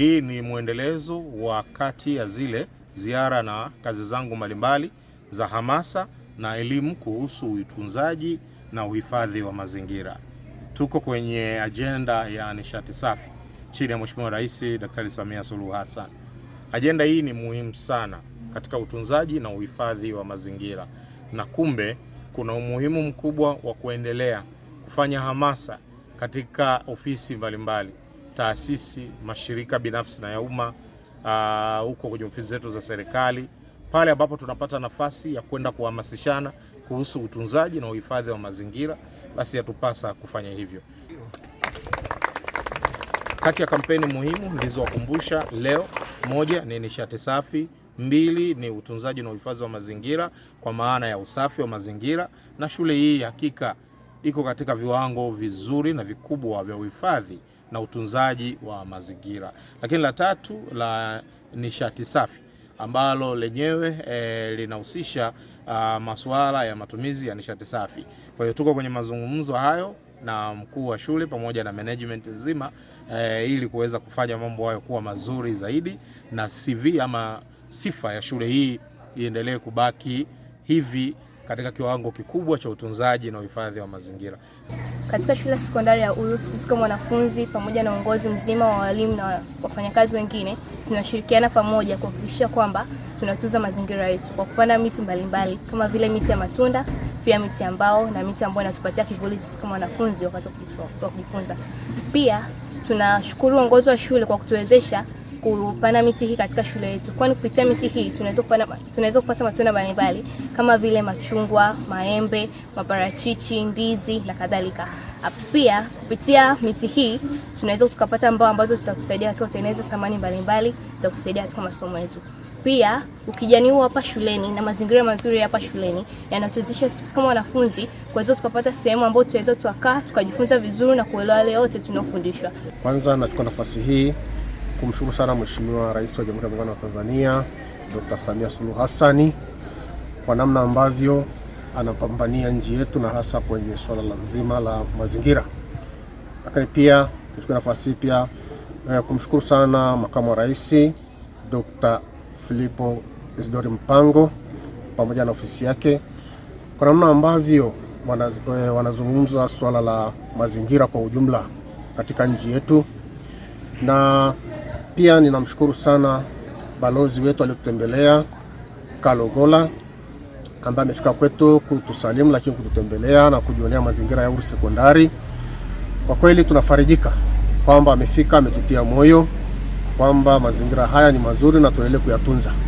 Hii ni mwendelezo wa kati ya zile ziara na kazi zangu mbalimbali za hamasa na elimu kuhusu utunzaji na uhifadhi wa mazingira. Tuko kwenye ajenda ya nishati safi chini ya Mheshimiwa Rais Daktari Samia Suluhu Hassan. Ajenda hii ni muhimu sana katika utunzaji na uhifadhi wa mazingira, na kumbe kuna umuhimu mkubwa wa kuendelea kufanya hamasa katika ofisi mbalimbali mbali taasisi, mashirika binafsi na ya umma ah, huko kwenye ofisi zetu za serikali, pale ambapo tunapata nafasi ya kwenda kuhamasishana kuhusu utunzaji na uhifadhi wa mazingira, basi yatupasa kufanya hivyo. Kati ya kampeni muhimu nilizowakumbusha leo, moja ni nishati safi, mbili ni utunzaji na uhifadhi wa mazingira kwa maana ya usafi wa mazingira, na shule hii hakika iko katika viwango vizuri na vikubwa vya uhifadhi na utunzaji wa mazingira. Lakini la tatu la nishati safi ambalo lenyewe e, linahusisha ah, masuala ya matumizi ya nishati safi. Kwa hiyo tuko kwenye mazungumzo hayo na mkuu wa shule pamoja na management nzima e, ili kuweza kufanya mambo hayo kuwa mazuri zaidi na CV ama sifa ya shule hii iendelee kubaki hivi katika kiwango kikubwa cha utunzaji na uhifadhi wa mazingira. Katika shule ya sekondari ya Uru, sisi kama wanafunzi pamoja na uongozi mzima wa walimu na wafanyakazi wengine tunashirikiana pamoja kuhakikisha kwamba tunatunza mazingira yetu kwa kupanda miti mbalimbali mbali, kama vile miti ya matunda, pia miti ya mbao na miti ambayo inatupatia kivuli sisi kama wanafunzi wakati wa kujifunza. Pia tunashukuru uongozi wa shule kwa kutuwezesha kupanda miti hii katika shule yetu, kwani kupitia miti hii tunaweza kupata matunda mbalimbali kama vile machungwa, maembe, maparachichi, ndizi na kadhalika. Pia kupitia miti hii tunaweza tukapata mbao ambazo zitatusaidia katika kutengeneza samani mbalimbali za kusaidia katika masomo yetu. Pia ukijani huu hapa shuleni na mazingira mazuri hapa shuleni yanatuwezesha sisi kama wanafunzi kuweza tukapata sehemu ambayo tunaweza tukakaa tukajifunza vizuri na kuelewa yale yote tunayofundishwa. Kwanza nachukua nafasi hii kumshukuru sana Mheshimiwa Rais wa Jamhuri ya Muungano wa Tanzania Dr. Samia Suluhu Hassani kwa namna ambavyo anapambania nchi yetu na hasa kwenye swala la zima la mazingira. Lakini pia nichukue nafasi hii pia eh, kumshukuru sana Makamu wa Rais Dr. Filipo Isidori Mpango pamoja na ofisi yake kwa namna ambavyo wanaz, eh, wanazungumza swala la mazingira kwa ujumla katika nchi yetu na pia ninamshukuru sana balozi wetu aliyotutembelea Kalogola, ambaye amefika kwetu kutusalimu, lakini kututembelea na kujionea mazingira ya Uru Sekondari. Kwa kweli tunafarijika kwamba amefika, ametutia moyo kwamba mazingira haya ni mazuri na tuendelee kuyatunza.